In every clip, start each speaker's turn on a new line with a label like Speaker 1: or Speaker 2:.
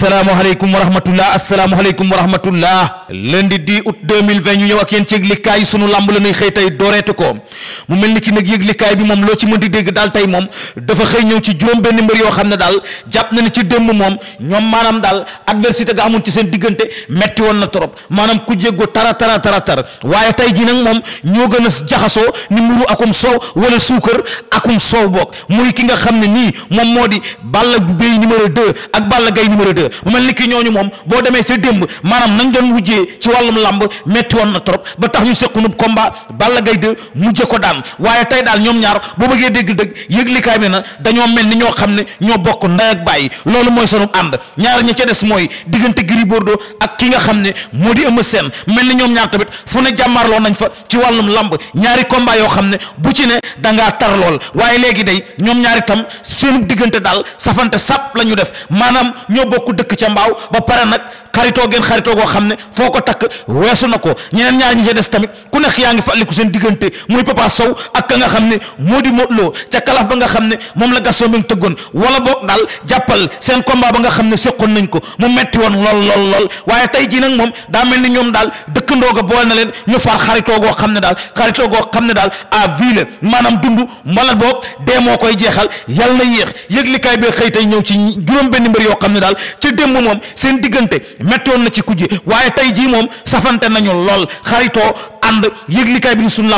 Speaker 1: asalaamaaleykum wa rahmatullah asalaamaaleykum wa rahmatullah lundi 10 août 2020 ñu ñëw ak yéen ci yëglikaay sunu lamb la ñuy xëy tey dooreetu ko mu mel ni ki nag yëglikaay bi moom loo ci mën di dégg daal tey moom dafa xëy ñëw ci juróom benn mbër yoo xam ne daal jàpp na ci démb moom ñoom maanaam daal adversité ga amoon ci seen diggante metti woon na trop maanaam ku jéggoo tara tara tara tar waaye tey ji nag moom ñoo gën a jaxasoo ni muru akum soow wala suukar akum soow boog muy ki nga xam ne nii moom moo di Balla Gaye numéro 2 ak Balla Gaye numéro 2 mu mel ni ki ñooñu moom boo demee ca démb maanaam nañ doon wujjee ci wàllum làmb metti woon na trop ba tax ñu sequnub combat Balla Gaye 2 mujje ko daan waaye tey daal ñoom ñaar boo bëggee dégg dëgg yëglikaay bi na dañoo mel ni ñoo xam ne ñoo bokk nday ak bàyyi loolu mooy sunu ànd ñaar ña ca des mooy diggante Gris Bordeaux ak ki nga xam ne moo di Eumeu Sène mel ni ñoom ñaar tamit fu ne jàmmarloo nañ fa ci wàllum làmb ñaari komba yoo xam ne bu ci ne dangaa tar lool waaye léegi day ñoom ñaar itam seenu diggante daal safante sàpp la ñu def maanaam ñoo bokk dëkk a mbaaw ba pare nag xaritoo ngeen xaritoo goo xam ne foo ko takk weesu na ko ñeneen ñaar ñi ci des tamit ku nekk yaa ngi fàttaliku seen diggante muy Papa Sow ak ka nga xam ne moo di Modou Lo ca kalaf ba nga xam ne moom la Gaston bi nga tëggoon wala boog daal jàppal seen combat ba nga xam ne séqoon nañ ko mu metti woon lool lool lool waaye tey jii nag moom daa mel ni ñoom daal dëkkandoo ga boole na leen ñu far xaritoo goo xam ne daal xaritoo goo xam ne daal à ville maanaam dund mbala boog dee moo koy jeexal yàlla na yéex yëglikaay bi xëy tey ñëw ci juróom benn mbir yoo xam ne daal ca démb moom seen diggante mettoon na ci kujje waaye tey jii moom safante nañu lool xaritoo ànd yëglikaay bi xam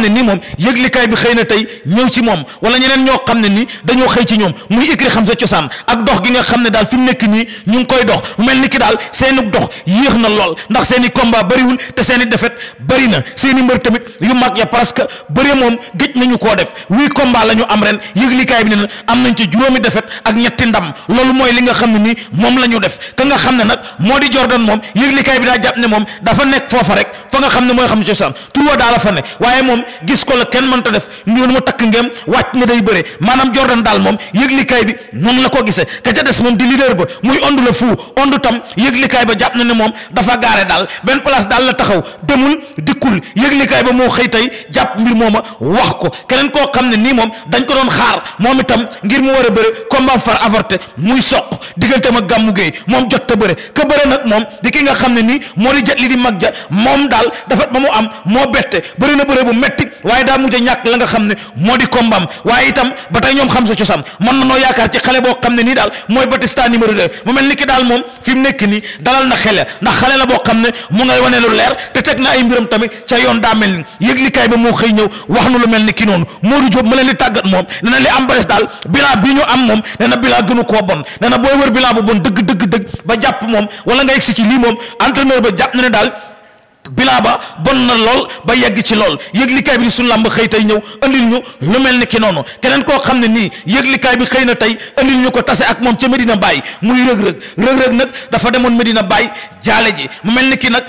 Speaker 1: ne ni moom yëglikaay bi xëy na tey ñëw moom wala ñeneen ñoo xam ne ni dañoo xëy ci ñoom muy écrit xam sa cosaan ak dox gi nga xam ne daal fi mu nekk nii ñu ngi koy dox mel ni ki daal seeni dox yéex na lool ndax seeni combat bëriwul te seeni defet bëri na seeni mbër tamit yu mag ya parce que bëre moom géej nañu koo def huit combat la ñu am ren yëglikaay bi ne na am nañ ci juróomi defet ak ñetti ndam loolu mooy li nga xam ne ni moom la ñu def ka nga xam ne nag moo di Jordan moom yëglikaay bi daa jàpp ne moom dafa nekk foofa rek fa nga xam ne mooy xam cosaan tur daal a fa ne waaye moom gis ko la kenn mënta def ñun mu takk ngeem wàcc na day bëre maanaam Jordan daal moom yëglikaay bi noonu la ko gisee ka ca des moom di leader ba muy ond la fuu ond tam yëglikaay ba jàpp ne moom dafa gaare daal ko keneen koo xam ne nii moom dañ ko doon xaar moom itam ngir mu war a bëre combat far avorté muy soq digganteem ak gàmmu géey moom jot ta bëre ka bëre nag moom di ki nga xam ne nii moo di li di mag ja moom daal dafa ba mu am moo bette bëri na bëre bu metti waaye daa mujj a ñàkk la nga xam ne moo di kombaam waaye itam ba tey ñoom xam sa cosaan man na noo yaakaar ci xale boo xam ne nii daal mooy Batista numéro 2 mu mel ni ki daal moom fi mu nekk na xele ndax xale la boo xam ne mu ngay wane lu leer te teg na ay mbiram tamit ca yoon daa mel ni yëglikaay ba moo xëy ñëw wax nu lu mel ni ki noonu Modou Diop ma leen di tàggat moom nee na li am ba des daal bilan bi ñu am moom nee na gënu koo bon nee na booy wër bilan bu bon dëgg dëgg dëgg ba jàpp moom wala nga yegsi ci lii moom entraîneur ba jàpp na ne daal bilaa ba bon na lool ba yegg ci lool yëglikaay bi di suñu làmb xëy tey ñëw andil ñu lu mel ni ki noonu keneen koo xam ne nii yëglikaay bi xëy na tey andil ñu ko tase ak moom ca Medina Baye muy rëg-rëg rëg-rëg nag dafa demoon Medina Baye jaale ji mu mel ni ki nag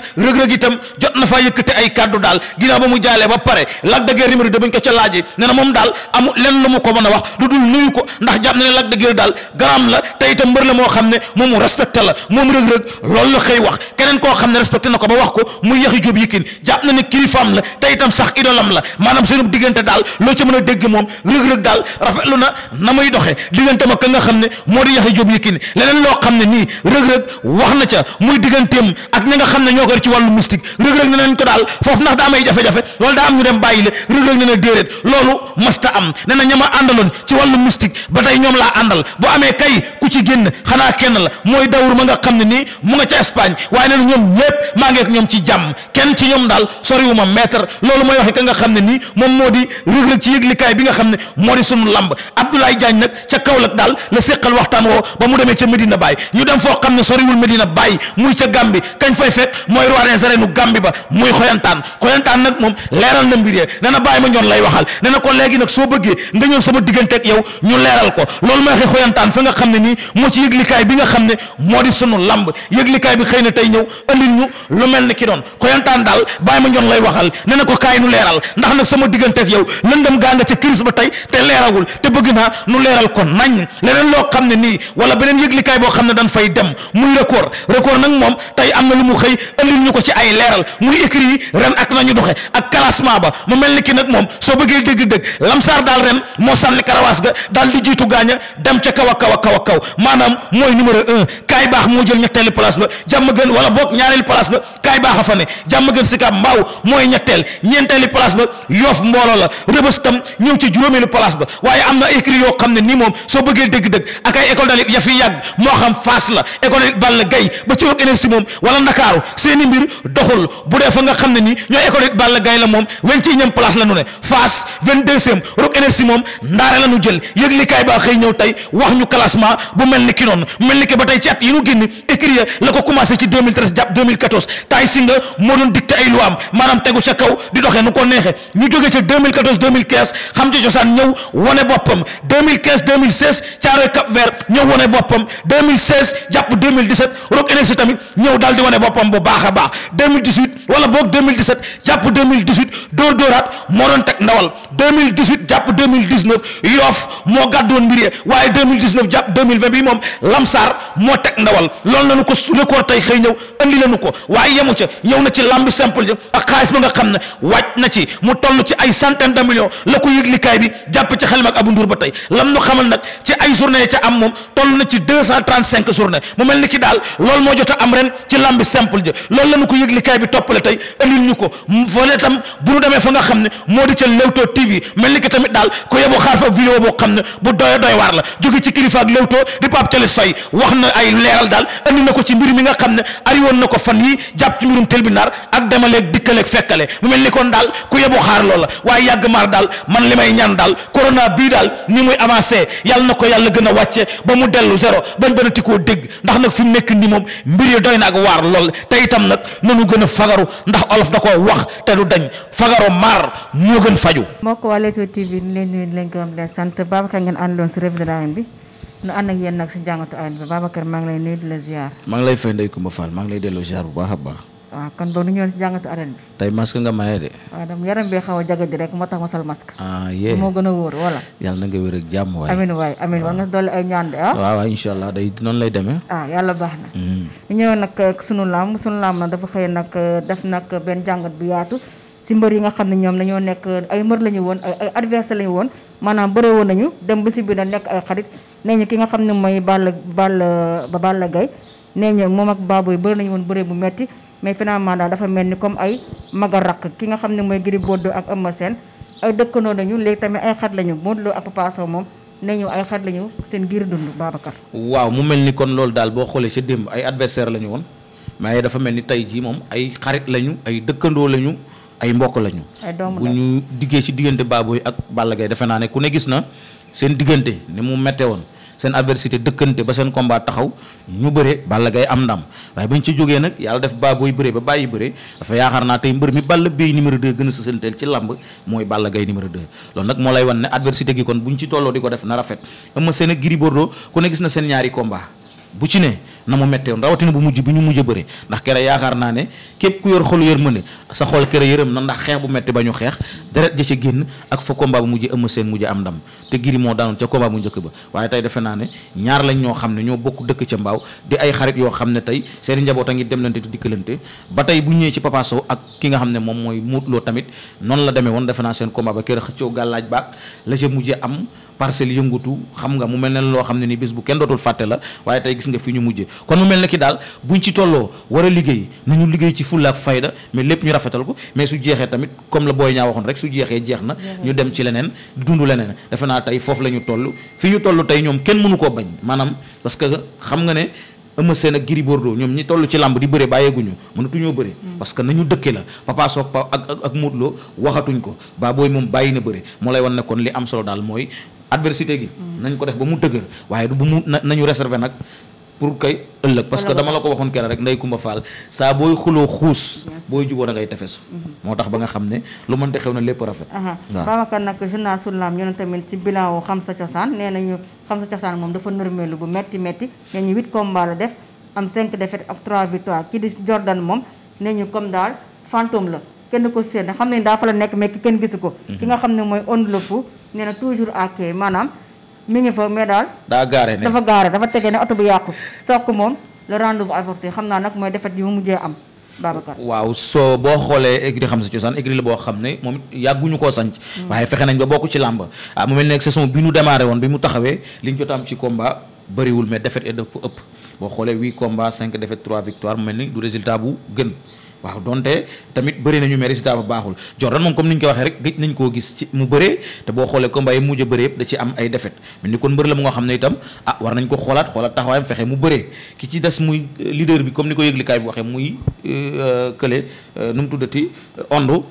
Speaker 1: na faa yëkkate ay kàddu daal ginnaaw ba mu jaalee ba pare Lac de Guiers numéro 2 ko ca laajee nee na moom daal amul lenn lu mu ko mën a wax lu dul nuyu ko ndax jàpp na ne Lac de Guiers daal garaam la tey itam mbër la moo xam ne moom mu respecté la moom rëg-rëg loolu la xëy wax keneen koo xam ne respecté na ko ba wax ko Cheikh Diop Yékini jàpp na ne kilifaam la tey itam sax idolam la maanaam seenu diggante daal loo ca mën a dégg moom rëg-rëg daal rafetlu na na muy doxee diggante ma ka nga xam ne moo di Cheikh Diop Yékini leneen loo xam ne nii rëg-rëg wax na ca muy digganteem ak ñi nga xam ne ñoo ko ci wàllu mystique rëg-rëg ne nañ ko daal foofu ndax daa am ay jafe am ñu dem bàyyi le rëg-rëg na déeréet loolu masta am ne na ñama àndaloon ci wàllu mystique ba tey ñoom laa àndal boo amee kay ku ci génn xanaa kenn la mooy dawur ma nga xam ne nii mu nga ca Espagne waaye nee na ñoom ñépp maa ngeek ñoom ci jàmm kenn ci ñoom daal soriwu ma maître loolu mooy waxe ka nga xam ne nii moom moo di rëg-rëg ci yëglikaay bi nga xam ne moo di sunu lamb Abdoulaye Diagne nag ca Kaolack daal la séqal waxtaan woo ba mu demee ca Medina Baye ñu dem foo xam ne soriwul Medina Baye muy ca Gàmbi kañ fay fekk mooy roi des arènes Gàmbi ba muy xoyantaan xoyantaan nag moom leeral na mbir yee nee na bàyyi ma ñoon lay waxal nee na ko léegi nag soo bëggee nga sama diggante ak yow ñu leeral ko loolu mooy waxe xoyantaan fa nga xam ne nii moo ci yëglikaay bi nga xam ne moo di sunu lamb yëglikaay bi xëy na tey ñëw andil ñu lu mel ni ki doon melentaan daal bàyyi ma njoon lay waxal ne na ko kaay nu leeral ndax nag sama diggante ak yow lëndëm gaa nga ca crise ba tey te leeragul te bëgg naa nu leeral kon nañ leneen loo xam ne nii wala beneen yëglikaay boo xam ne dañ fay dem muy record record nag moom tey am na lu mu xëy ëllil ñu ko ci ay leeral muy écrit yi ren ak nañu doxe ak classement ba mu mel ni ki nag moom soo bëggee dégg-dégg lamsaar daal ren moo sànni karawaas ga daal di jiitu gaaña dem ca a a a kaw maanaam mooy numéro un kaay baax moo jël ñetteelu place ba jàmm gën wala boog ñaareelu place ba kaay a jàmm gën Sicap Mbao mooy ñetteel ñeenteeli place ba Yoff mbooloo la Rebeuss tam ñëw ci juróomeelu place ba waaye am na écrit yoo xam ne nii moom soo bëggee dëgg-dëgg ak école dalit ya yàgg moo xam Fass la école dalit Balla Gaye ba ci roog énergie moom wala Ndakaaru seeni mbir doxul bu dee fa nga xam ne nii ñooy école dalit Balla Gaye la moom vingt-et-unième place la ne Fass vingt-deuxième roog énergie moom ndaare la jël yëglikaay ba xëy ñëw tey moo doon dicté ay luwaam maanaam tegu ca kaw di doxee nu ko neexee ñu jógee ca 2014 2015 xam ci cosaan ñëw wane boppam jàpp Rock Énergie tamit ñëw daal di wane boppam bu baax a baax 2018 wala boog 2017 jàpp 2018 dóor dóoraat moo doon teg ndawal jàpp yoof moo gàddoon mbir yi waaye jàpp 2020 moom Lamsaar moo teg ko record tey xëy ñëw andi la ko waaye yemu ca ñëw na. na ci lamb simple ji ak xaalis ba nga xam ne wàcc na ci mu toll ci ay centaine de millions la ko yëglikaay bi jàpp ci xel mag Abou Ndour ba tey lam nu xamal nag ci ay journée ca am moom toll na ci deux cent trente cinq journée mu mel ni ki daal loolu moo jot am ren ci lamb simple ji loolu la nu ko yëglikaay bi toppale tey ëllil ko fële demee fa nga xam ne moo di ca Leewtoo TV mel ni ki tamit daal ku yebu xaar fa vidéo boo xam ne bu doy doy waar la ndar ak demaleeg dikkaleeg fekkale mu mel ni kon daal ku yebu xaar loola waaye yàgg maar daal man li may ñaan daal corona bii daal ni muy avancé yàlla na ko yàlla gën a wàcce ba mu dellu zéro bañ bana ti koo dégg ndax nag fi mu nekk ni moom mbir yi doy na ak waar lool te itam nag nanu gën a fagaru ndax olof da ko wax te du dañ fagaru maar moo gën faju
Speaker 2: moo ko waa Leewtoo TV ñu leen nuyu leen gërëm leen sant Babacar ngeen àndoon si revue de l'arène bi nu ànd ak yéen nag si jàngatu arène bi Babacar maa ngi lay nuyu di la ziar
Speaker 3: maa ngi lay fay Ndeye Coumba Fall maa ngi lay delloo ziar bu baax a baax
Speaker 2: waaw ah, kon boobu nu ñëwoon si jàngatu arène bi.
Speaker 3: tey masque nga maye de.
Speaker 2: waaw ah, dam yaram bi xaw a jagadi rek moo tax ma sol masque.
Speaker 3: ah yee moo gën a wóor voilà. yàlla na nga wér ak jàmm waay. amiin
Speaker 2: waay amiin war nga dolli ay ñaan de ah. waaw
Speaker 3: waaw incha allah day noonu
Speaker 2: ah, na. Mm. ñu ñëwoon nag eh, sunu laam sunu laam nag dafa xëy nag eh, def nag benn jàngat bu yaatu. ci mbër yi nga xam ne ñoom dañoo nekk ay mbër la ñu woon ay ay adversaire la ñu woon maanaam bëre woon nañu dem ba ci biir nag nekk ay xarit nee ñu ki nga xam ne mooy Balla Balla Balla Gaye nee ñu moom ak mais finalement daal dafa mel ni comme ay mag ki nga xam ne mooy Gris Bordeaux ak Eumeu Sène ay dëkkandoo nañu léegi tamit ay xat lañu Modou Lo ak moom nañu ay xat lañu seen giir dund
Speaker 3: waaw mu mel ni kon loolu daal boo xoolee ca démb ay adversaire lañu woon mais dafa mel ni tey jii moom ay xarit lañu ay dëkkandoo lañu ay mbokk lañu. bu ñu diggee ci diggante Baboy ak Balla Gaye defe naa ne ku ne gis na seen diggante ni mu méttee woon. seen adversité dëkkante ba seen combat taxaw ñu bëre Balla Gaye am ndam waaye ñu ci jógee nag yàlla def baa booy ba bàyyi bëree dafa yaakaar naa tey mbër mi Balla Gaye numéro 2 gën a sësanteel ci làmb mooy Balla gay numéro 2 loolu nag moo lay wan ne adversité gi kon buñ ci tolloo di ko def na rafet Eumeu Sène ak Gris Bordeaux ku ne gis na seen ñaari combat bu ci ne na mu méttee rawatina bu mujj bi ñu mujj bëri ndax kere yaakaar naa ne képp ku yor xolu ne sa xol kere yërëm na ndax xeex bu métti ba ñu xeex deret ja ca génn ak fa combat bu mujj ëmm seen mujj am ndam te giri moo daanoon ca combat bu njëkk ba waaye tey defe naa ne ñaar lañ ñoo xam ne ñoo bokk dëkk ca mbaaw di ay xarit yoo xam ne tey seen njaboot a ngi demlante di dikkalante ba tey bu ñëwee ci Papa ak ki nga xam ne moom mooy muutloo tamit noonu la demee woon defe seen combat ba kere xëccoo gàllaaj baak la ca mujj am parcelle yëngutu xam nga mu mel ne loo xam ne ni bis bu kenn dootul fàtte la waaye tey gis nga fi ñu mujje kon mu mel ne ki daal buñ ci tolloo war a liggéey nañu liggéey ci fulla ak fayda mais lépp ñu ko mais su jeexee tamit comme la booy ñaa waxoon rek ñu dem ci leneen dund leneen defe naa tey foofu la ñu toll fi ñu toll tey ñoom kenn mënu koo bañ maanaam parce xam nga ne Eumeu Sène ak ñoom ñi toll ci làmb di bëre bàyyeeguñu mënatuñoo bëre mm. parce que nañu dëkke la Papa ak ak ko baa booy moom bàyyi na bëre moo lay wan adversité gi. nañ ko def ba mu dëgër waaye du bu mu nañu réserver nag pour kay ëllëg. parce que dama la ko waxoon keneen rek ndey Kumba Fall saa booy xuloo xuus. booy juboo da ngay tefesu. Mm-hmm. moo tax ba nga xam ne lu mënte xew na lépp rafet. waaw
Speaker 2: Babacar nag journal Sunu Lamb ñu ne tamit ci bilan xam sa cosaan nee nañu xam sa cosaan moom dafa nërmeelu bu metti metti nee ñu huit combats def am cinq défaites ak trois victoires kii di Jordan moom nee ñu comme daal fantôme la. kenn ko seen xam ne daa fa la nekk mais kenn gisu ko. Mhm. ki nga xam ne mooy Onde le Fou nee na toujours à quai maanaam mi ngi fa mais daal.
Speaker 3: daa gaare ne dafa gaare
Speaker 2: dafa tege ne oto bu yàqu soog ko moom le rendez-vous avorté xam naa nag mooy defet yi mu mujjee am.
Speaker 1: Babacar
Speaker 3: waaw soo boo xoolee écurie xam sa cosaan écurie la boo xam ne moom yàgguñu koo sanc mhm. waaye fexe nañ ba ko ci làmb ah mu mel ne saison bi ñu démarré woon bi mu taxawee li ñu jot am ci combat bëriwul mais xoolee huit combats cinq défaites trois victoires mu mel ni du résultat waaw donte tamit bëri nañu mais résultat ba baaxul Jordan moom comme ni ñu ko waxee rek gëj nañ koo gis ci mu bëree te boo xoolee combat yi mujj a bëree yëpp da ci am ay défaite mais ni kon mbër la mu nga xam ne itam ah war nañ ko xoolaat xoolaat taxawaayam fexe mu bëree ki ci des muy euh, leader bi comme ni ko yëglikaay bi waxee muy euh, kële euh, nu mu tuddati Ondu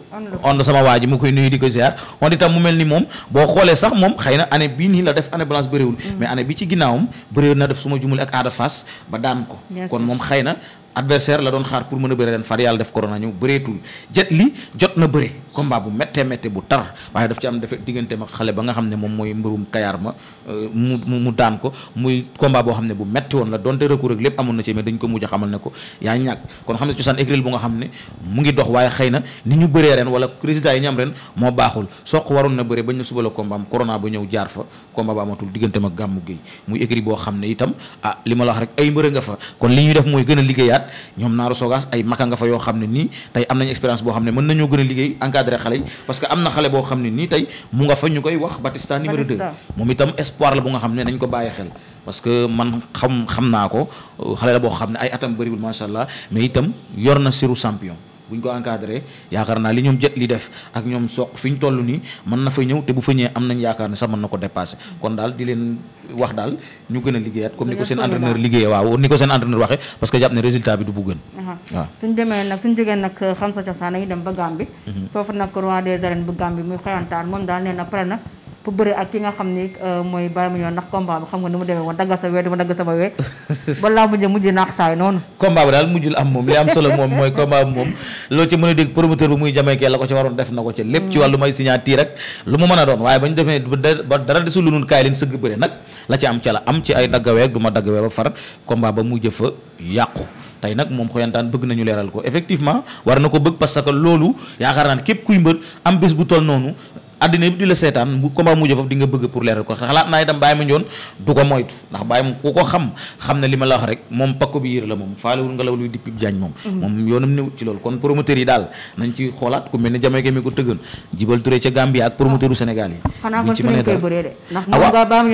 Speaker 3: Ondu sama waa ji mu koy nuyu di ko ziar Ondu itam mu mel ni moom boo xoolee sax moom xëy na année bii nii la def année blanche bëriwul mm. mais année bi ci ginnaawam bëriwul na def su ma jumul ak aada fas ba daan ko kon moom xëy na adversaire la doon xaar pour mën a bëre ren far yàlla def corona ñëw bëreetul jet li jot na bëre combat bu méttee méttee bu tar waaye daf ci am defe diggante mag xale ba nga xam ne moom mooy mbërum kayaar ma euh, mu mu daan ko muy combat boo xam ne a xamal ne mu ngi dox waaye xëy na ni ñu bëree ren wala résultat yi ñu ren moo baaxul soq waroon na bëre bañ na suba la combat am corona ba ñëw jaar fa combat ba amatul diggante mag gàmmu géey muy écrit boo xam ne itam ah li ma kon li ñuy def mooy gën a liggéeyaat ñoom naaru sogaas ay maka nga fa yoo xam ne nii tey am nañ expérience boo xam ne mën nañoo gën a liggéey encadré xale yi parce que am na xale boo xam ne nii tey mu nga fa ñu koy wax Batista numéro 2 moom itam espoir la bu nga xam ne nañ ko bàyyi xel parce que man xam xam naa ko xale la boo xam ne ay atam bëriwul macha allah mais itam yor na siru champion buñ ko encadré yaakaar naa li ñoom jët li def ak ñoom soq fi ñu nii mën na fa ñëw te bu fa am nañ yaakaar ne sax mën na ko dépassé kon daal di leen wax daal ñu gën a liggéeyaat comme ni ko seen entraîneur liggéeyee waaw ni ko seen entraîneur waxee parce que jàpp ne résultat bi du bu gën waaw
Speaker 2: suñ demee nag suñ jógee nag euh, xam sa cosaan dañuy dem ba Gambie mhm. foofu nag roi des arènes bu Gambie muy xoyantaan moom daal nee pare na pour bëri ak ki nga xam ni euh, mooy Baye xam nga ni mu demee woon daggal sa wee dama dagg sama wee
Speaker 3: ba mujj moom mooy combat bi moom loolu ci mën a dégg promoteur bi muy jamaykee la ko ci waroon def na ko ci lépp ci mm. wàllu may a am ca la am ci ay daggawee ak du ma daggawee ba far ba mujj fa yàqu tey nag moom xoyantaan bëgg nañu leeral ko effectivement war na ko bëgg parce que loolu yaakaar naan képp kuy mbër am bés bu toll noonu àddina yëpp di la seetaan bu combat mujj foofu di nga bëgg pour leeral ko xalaat naa itam bàyyi ma njoon du ko moytu ndax bàyyi xam xam li ma la wax rek moom pakko bi yër la moom faalewul ngelaw luy dippib jaañ moom mhm. moom yoonam newut ci loolu kon promoteur daal nañ ci xoolaat ku mel ne jameke mi ko tëggan jibal Touré ca Gambie ak promoteur u ah. Sénégal yi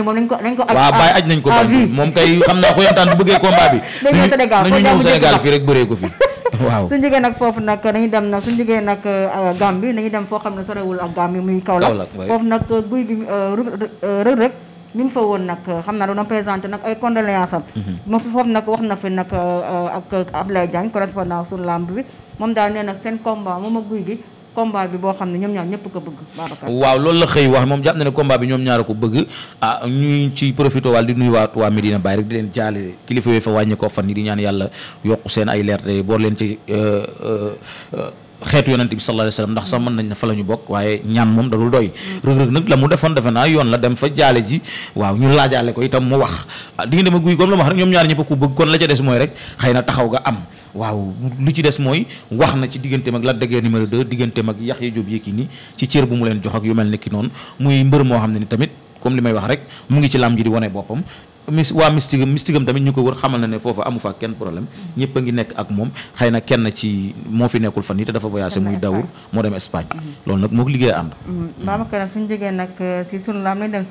Speaker 2: buñ ah,
Speaker 3: ah, moom kay xam naa xoyantaan bu bëggee combat bi nañu ñëw Sénégal fii rek bëree ko fii waaw su
Speaker 2: jógee nag foofu nag dañuy dem nag su jógee nag euh, bi dañuy dem foo xam ne sorewul ak Gambie muy Kaolack foofu nag euh, guy gi euh, rëg rëg mi ngi fa woon nag xam naa doon présenté nag ay condoléances am mhm. moom foofu nag wax na fi nag ak Ablaye Diagne correspondant suñu lamb bi moom daal nee na seen combat moom ak guy gi combat bi boo xam ne ñoom ñaar ñëpp ko bëgg
Speaker 3: waaw loolu la xëy wax moom jàpp na ne combat bi ñoom ñaar a ko bëgg ah ñuy ci profité waal di nuyu waat waa Medina Baye di leen jaale kilifa yooyu fa wàññi ko fan yi di ñaan yàlla yokk seen ay leerte boor leen euh, euh, euh, fa la ñu bokk waaye ñaan moom da dul doy mm. rëg-rëg nag la mu defoon defe naa yoon la dem fa jaale ji waaw ñu laajaale ko ah, a guy goom la mu wax rek kon la ca des mooy rek xëy na taxaw ga am waaw lu ci des mooy wax na ci digganteem ak Lac de Guiers numéro 2 digganteem ak Yaxya Jóob Yékini ci cër bu mu leen jox ak yu mel ni noonu muy mbër moo xam ne ni tamit comme li may wax rek mu ngi ci làmb ji di wane boppam mis tamit ñu ko wër xamal na ne foofa amu fa kenn problème ñëpp a ngi nekk ak moom xëy na kenn ci moo fi nekkul fan yi te dafa voyagé muy dawur moo dem Espagne mm-hmm. loolu nag moo ko liggéey ànd
Speaker 2: mm-hmm. Babacar suñu jógee nag euh, si nag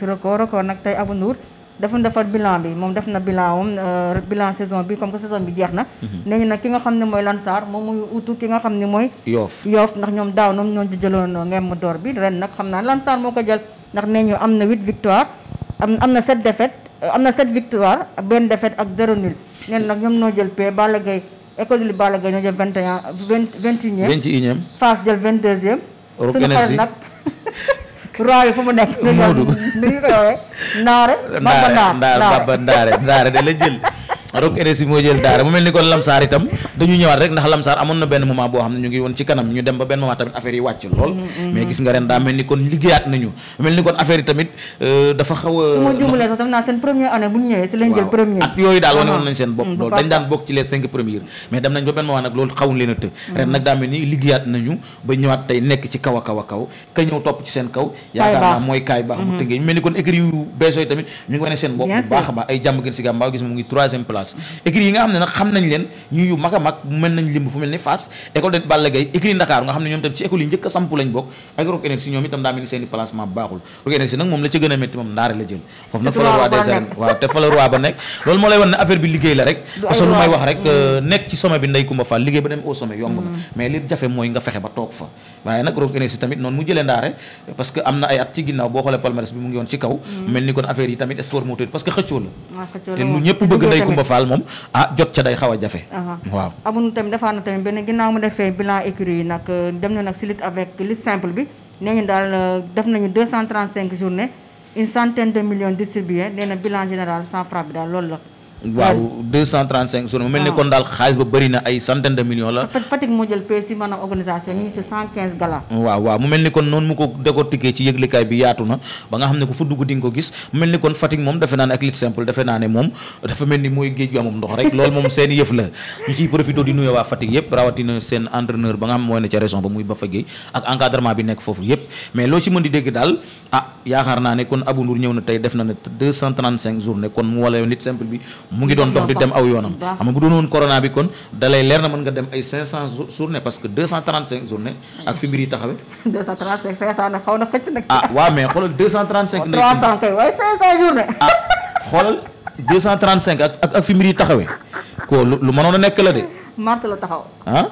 Speaker 2: dafa defar bilan bi moom def na bilan moom euh, bilan saison bi comme que saison bi jeex na. Mhm. nee ñu nag ki nga xam ne mooy Lansar moo muy utu ki nga xam ne mooy. Yoff Yoff ndax ñoom daaw ñoom ñoo jëloon euh, ngem door bi ren nag xam naa Lansar moo ko jël ndax nee ñu am na 8 victoire am am na 7 défaite euh, am na 7 victoire benn defet ak 0 nul nee nag ñoom noo jël paie Balla Gaye école de Balla Gaye ñoo jël 21 20 21. 21 Fass jël 22e. Rock Énergie suñu xel nag. roi bi fu mu nekk. Moodu ni ñu koy woowee.
Speaker 3: da la jël. roog RSI moo jël daara mu mel ni kon lamsaar itam dañu ñëwaat rek ndax lamsaar amoon na benn moment boo xam ne ñu ngi woon ci kanam ñu dem ba benn moment tamit affaire mm, mm, mm. Euh, xaw
Speaker 2: a
Speaker 3: at yooyu daal wane ah. woon nañ seen bopp loolu dañ daan bokk ci les cinq leen a të ren nag daa mel ni liggéeyaat nañu ba ñëwaat tey nekk ci kaw a kaw a kaw ka ñëw topp ci seen kaw yaakaar naa mooy kaay baax bu mm-hmm. tëngee mel ni kon écrit yu bees yooyu tamit ñu ngi wane seen bopp baax a ay jàmm gën si gàmbaaw gis mu ngi troisième place violence écuries a nekk loolu moo lay wan ne affaire bi liggéey la rek parce que lu may wax rek mm. euh, nekk ci sommet bi Ndeye Coumba Fall liggéey ba dem au sommet yomb na mm. mais li jafe mooy nga fexe ba toog fa waaye nag Rock Énergie tamit noonu mu jëlee ndaare parce que am na ay at ci ginnaaw boo xoolee palmarès bi mu ngi yoon ci kaw mm. mel ni kon affaire yi tamit sport moteur parce que xëccoo
Speaker 2: la te lu ñëpp bëgg Ndeye Coumba
Speaker 3: Fall Fall moom ah jot ca day xaw a jafe. waaw
Speaker 2: amuñu tamit defaat na tamit benn ginnaaw mu defee bilan écurie yi nag euh, dem na nag si lutte avec lutte simple bi nee ñu daal euh, def nañu journée une centaine de millions distribués nee bilan général sans frappe bi daal loolu la.
Speaker 3: waaw 235 journée mu mel ni ah. kon daal xaalis ba bëri na ay centaine de millions la
Speaker 2: Fatick moo waaw
Speaker 3: waaw mu mel ni kon noonu mu ko décortiquer ci yëglikaay bi yaatu na ba nga xam ne ku fa dugg di nga ko gis mu mel ni kon Fatick moom defe naa ne ak lit simple defe naa ne moom dafa mel ni mooy géej gu amum ndox rek loolu moom seen yëf la ñu ciy profité di nuyu waa Fatick rawatina seen entraîneur ba nga xam mooy ne ca région ba muy Bafa Gueye ak encadrement bi nekk foofu yëpp mais loo ci mën dégg daal ah, yaakaar naa ne kon Abou Ndour ñëw na tey def na ne 235 journée kon mu ngi doon dox di dem aw yoonam xam nga bu doonoon corona bi kon dalay leer na mën nga dem ay 500 journée parce que 235 journée ak fi mbir yi taxawee
Speaker 2: 235 500 na xëcc nag
Speaker 3: ah waaw xoolal 235 cent 300 kay ah, ak ak fi mbir yi taxawee ko lu mënoon a nekk la de
Speaker 2: mars la taxaw.
Speaker 3: ah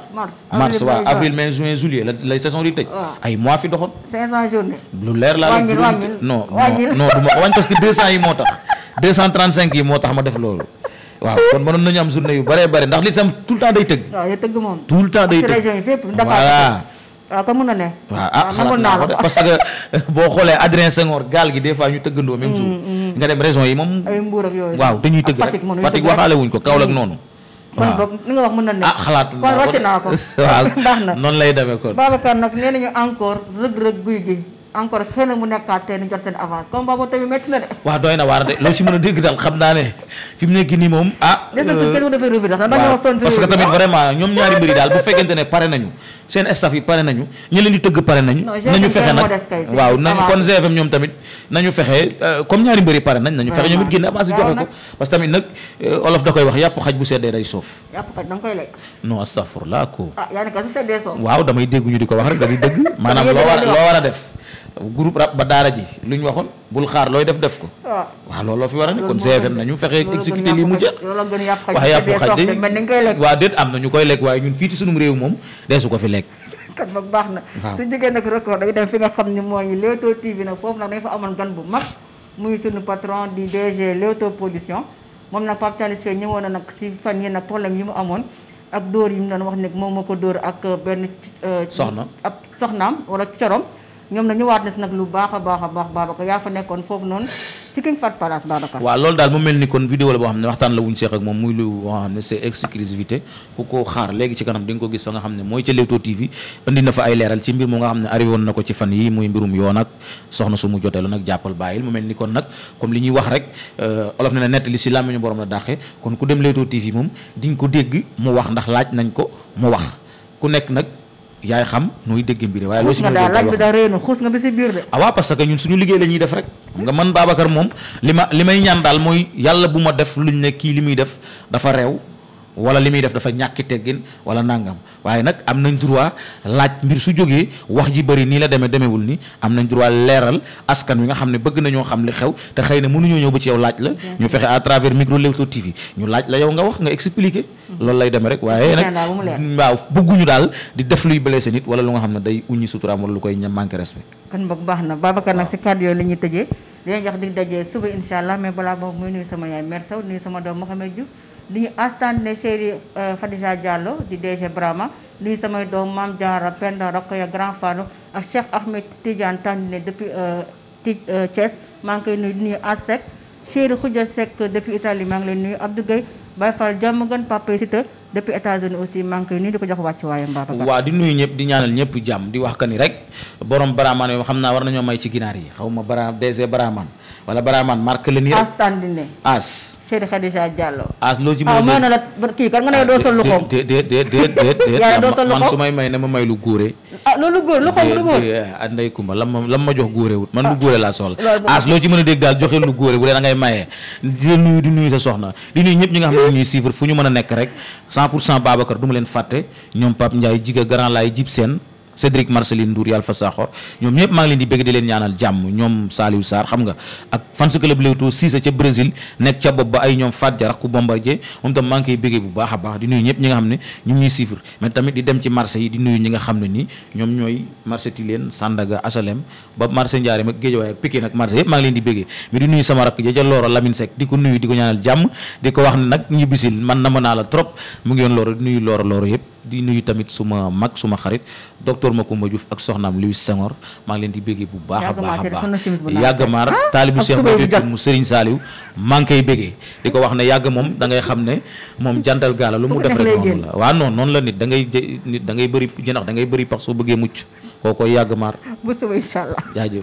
Speaker 3: mars waaw avril mai juin juillet la la saison di tëj. ay mois fi doxoon.
Speaker 2: 500 journée.
Speaker 3: lu leer laa la. non non no ma ko wàññi parce que 200 yi moo tax 235 yi moo tax ma def loolu. waaw kon mënoon nañu am journée yu bëree bëri ndax li sam tout le temps day tëgg.
Speaker 2: waaw ya tëgg moom.
Speaker 3: tout le temps day tëgg région
Speaker 2: yi fépp voilà. na ne.
Speaker 3: waaw ah, ah xalaat naa ko parce que boo xoolee Adrien Senghor gaal gi des fois ñu tëggandoo même mm, jour. Mm, mm. nga dem région yi moom.
Speaker 2: ay Mbour ak yooyu waaw dañuy tëgg rek Fatick waxaale wuñ ko Kaolack noonu. kon ah. boog li nga wax mën na ne.
Speaker 3: ah xalaat kon wàcc naa ko. baax na noonu lay demee kon. Babacar
Speaker 2: nag nee nañu encore rëg-rëg guy gi encore xëy na mu nekkaat tey ñu jot seen avance comme boobu tamit métti na de.
Speaker 3: waaw doy na waar de loo ci mën a dégg daal xam naa ne fi nekk nii moom. ah. des na ci euh,
Speaker 2: daal. waaw parce que tamit vraiment
Speaker 3: ñoom ñaari mbir daal bu fekkente ne pare nañu. seen staff yi pare nañu ñi leen di tëgg pare nañu. nañu fexe nag waaw nañu kon ñoom tamit nañu fexe euh, comme ñaari mbëri pare nañ. nañu fexe ñoom it génne avance joxe ko. parce que tamit nag euh, olof da koy wax yàpp xaj bu seddee day soof. yàpp xaj da laa ko. Ah, waaw damay dégguñu di ko wax rek da di dëgg. maanaam loo war loo war a def groupe rab ba daara ji lu ñu waxoon bul xaar looy def def ko. Ah. waaw waaw looloo fi war a ne kon na ñu fexe exécuté lii mu jeex. looloo gën yàpp xaj waaye yàpp xaj de am na ñu koy lekk waaye ñun fii ci sunum réew moom deesu ko fi lekk.
Speaker 2: kon nag baax na. waaw su jógee nag record dañu dem fi nga xam ni mooy Leewtoo TV nag foofu nag dañu fa amoon gan bu mag muy sunu patron di DG Leewtoo Production moom nag Pape Thialis Faye ñëwoon na nag si fan yi nag problème yi mu amoon. ak dóor yi mu doon wax ne moom moo ko dóor ak benn. Euh, soxna ab soxnaam wala corom. ñoom dañu waa des nag lu baax a baax a baax Babacar yaa fa nekkoon foofu noonu ci King Fahd Palace Babacar waaw
Speaker 3: loolu daal mu mel ni kon vidéo la boo xam ne waxtaan la wuñ seex ak moom muy lu boo xam ko xaar léegi ci nga xam ne mooy ca Leewtoo TV indi na fa ay leeral ci mbir moo nga xam ne arrivé woon na ko ci fan yi muy mbirum yoon ak soxna su mu joteelu nag jàppal bàyyil mu mel ni kon nag comme li ñuy wax rek euh, olof ne na nett li si làmmiñu borom la dàqe kon ku dem Leewtoo TV moom diñ ko dégg mu wax ndax laaj nañ ko mu wax ku nekk nag yaay xam nooy dégg mbir waaye loolu si laaj bi daa
Speaker 2: réenu xuus nga bi si biir de
Speaker 3: ah waaw parce que ñun suñu liggéey la ñuy def rek xam nga man Babacar moom li ma li may ñaan daal mooy yàlla bu ma def ñu ne kii li muy def dafa reew wala li muy def dafa ñàkki teggin wala nangam waaye nag am nañ droit laaj mbir su jógee wax ji bëri nii la demee demeewul ni am nañ droit leeral askan wi nga xam ne bëgg nañoo xam li xew te xëy na mënuñoo ñëw ba ci yow laaj la ñu fexe à travers micro Leewtoo TV ñu laaj la yow nga wax nga expliquer hmm. loolu lay demee rek waaye nag waaw bëgguñu daal di def luy blessé nit wala lu nga xam ne day uññi suturaam wala lu koy ñam manqué respect
Speaker 2: kon boog baax na Babacar la ñuy tëjee dinañ jox dig dajee suba li ñu astanne Cheikh euh, Khadija Diallo di DG Brahma li ñu samay doom Mame Diarra Penda Rokhaya Grand Fallou ak Cheikh Ahmed Tidiane Tandine depuis euh, euh, Thiès maa ngi koy nuyu di nuyu Assec Cheikh Khoudia Seck depuis Italie maa ngi leen nuyu Abdou Gueye Baye Fall jàmm gën Papa Sita depuis États-Unis aussi maa ngi koy nuyu di ko jox wàccuwaayam
Speaker 3: Babacar waaw di nuyu ñëpp di ñaanal ñëpp jàmm di wax ka ni rek borom baraman yoo xam naa war nañoo may ci ginaar yi xaw ma bara DG baraman wala baraman marque la nii rek as tandine as
Speaker 2: Cheikh Khadija Diallo
Speaker 3: as loo ci mën ah, na la kii kan nga ne doo sol lu xonq déet déet déet déet man su may may na ma may lu góore
Speaker 2: ah loolu góor lu xonq lu góor
Speaker 3: ah, nday kumba lam ma lam ma jox góorewut man lu góore laa soxla as loo ci mën a dégg daal joxe lu góore bu dee da ngay di la nuyu di nuyu sa soxna di nuyu ñëpp ñi nga xam ne ñuy suivre fu ñu mën a nekk rek 100 pour cent Babacar du leen fàtte ñoom Pape Ndiaye jiga grand laay jib seen Cédric Marcelin Ndour yàlla fa saaxoor ñoom ñëpp maa ngi leen di bëgg di leen ñaanal jàmm ñoom Saliou Sarr xam nga ak fans club ca Brésil nekk ca bopp ba ay ñoom Fat Jarax ku Bombardier moom bu baax baax di nuyu ñëpp ñi nga ne ñu ngi ñuy suivre mais tamit di dem ci marché yi di nuyu ñi nga xam ne ni ñoom ñooy marché Tilène Sandaga Asalem ba marché Ndiarème ak Guédiawaye ak Pikine nag marché yëpp maa ngi leen di bëggee mais di nuyu sama rakk ja ca Loora Lamine di ko nuyu di ko ñaanal jàmm di ko naa la trop mu ngi yoon Loora di nuyu Loora Loora yëpp di tamit suma mag suma xarit docteur Macoumba Diouf ak soxnaam Louis Senghor maa ngi leen di béggee bu baax a baax a baax yàggamaar ah, taalibu Cheikh Béthio mu Serigne Saliou maa ngi koy béggee di ko wax ne yàgg moom da ngay xam ne moom jantal gaala lu mu def rek noonu la waaw noonu noonu la nit da ngay nit da ngay bëri jinax da ngay bëri pax soo bëggee mucc kooko yàggamaar
Speaker 2: bu suba incha
Speaker 3: allah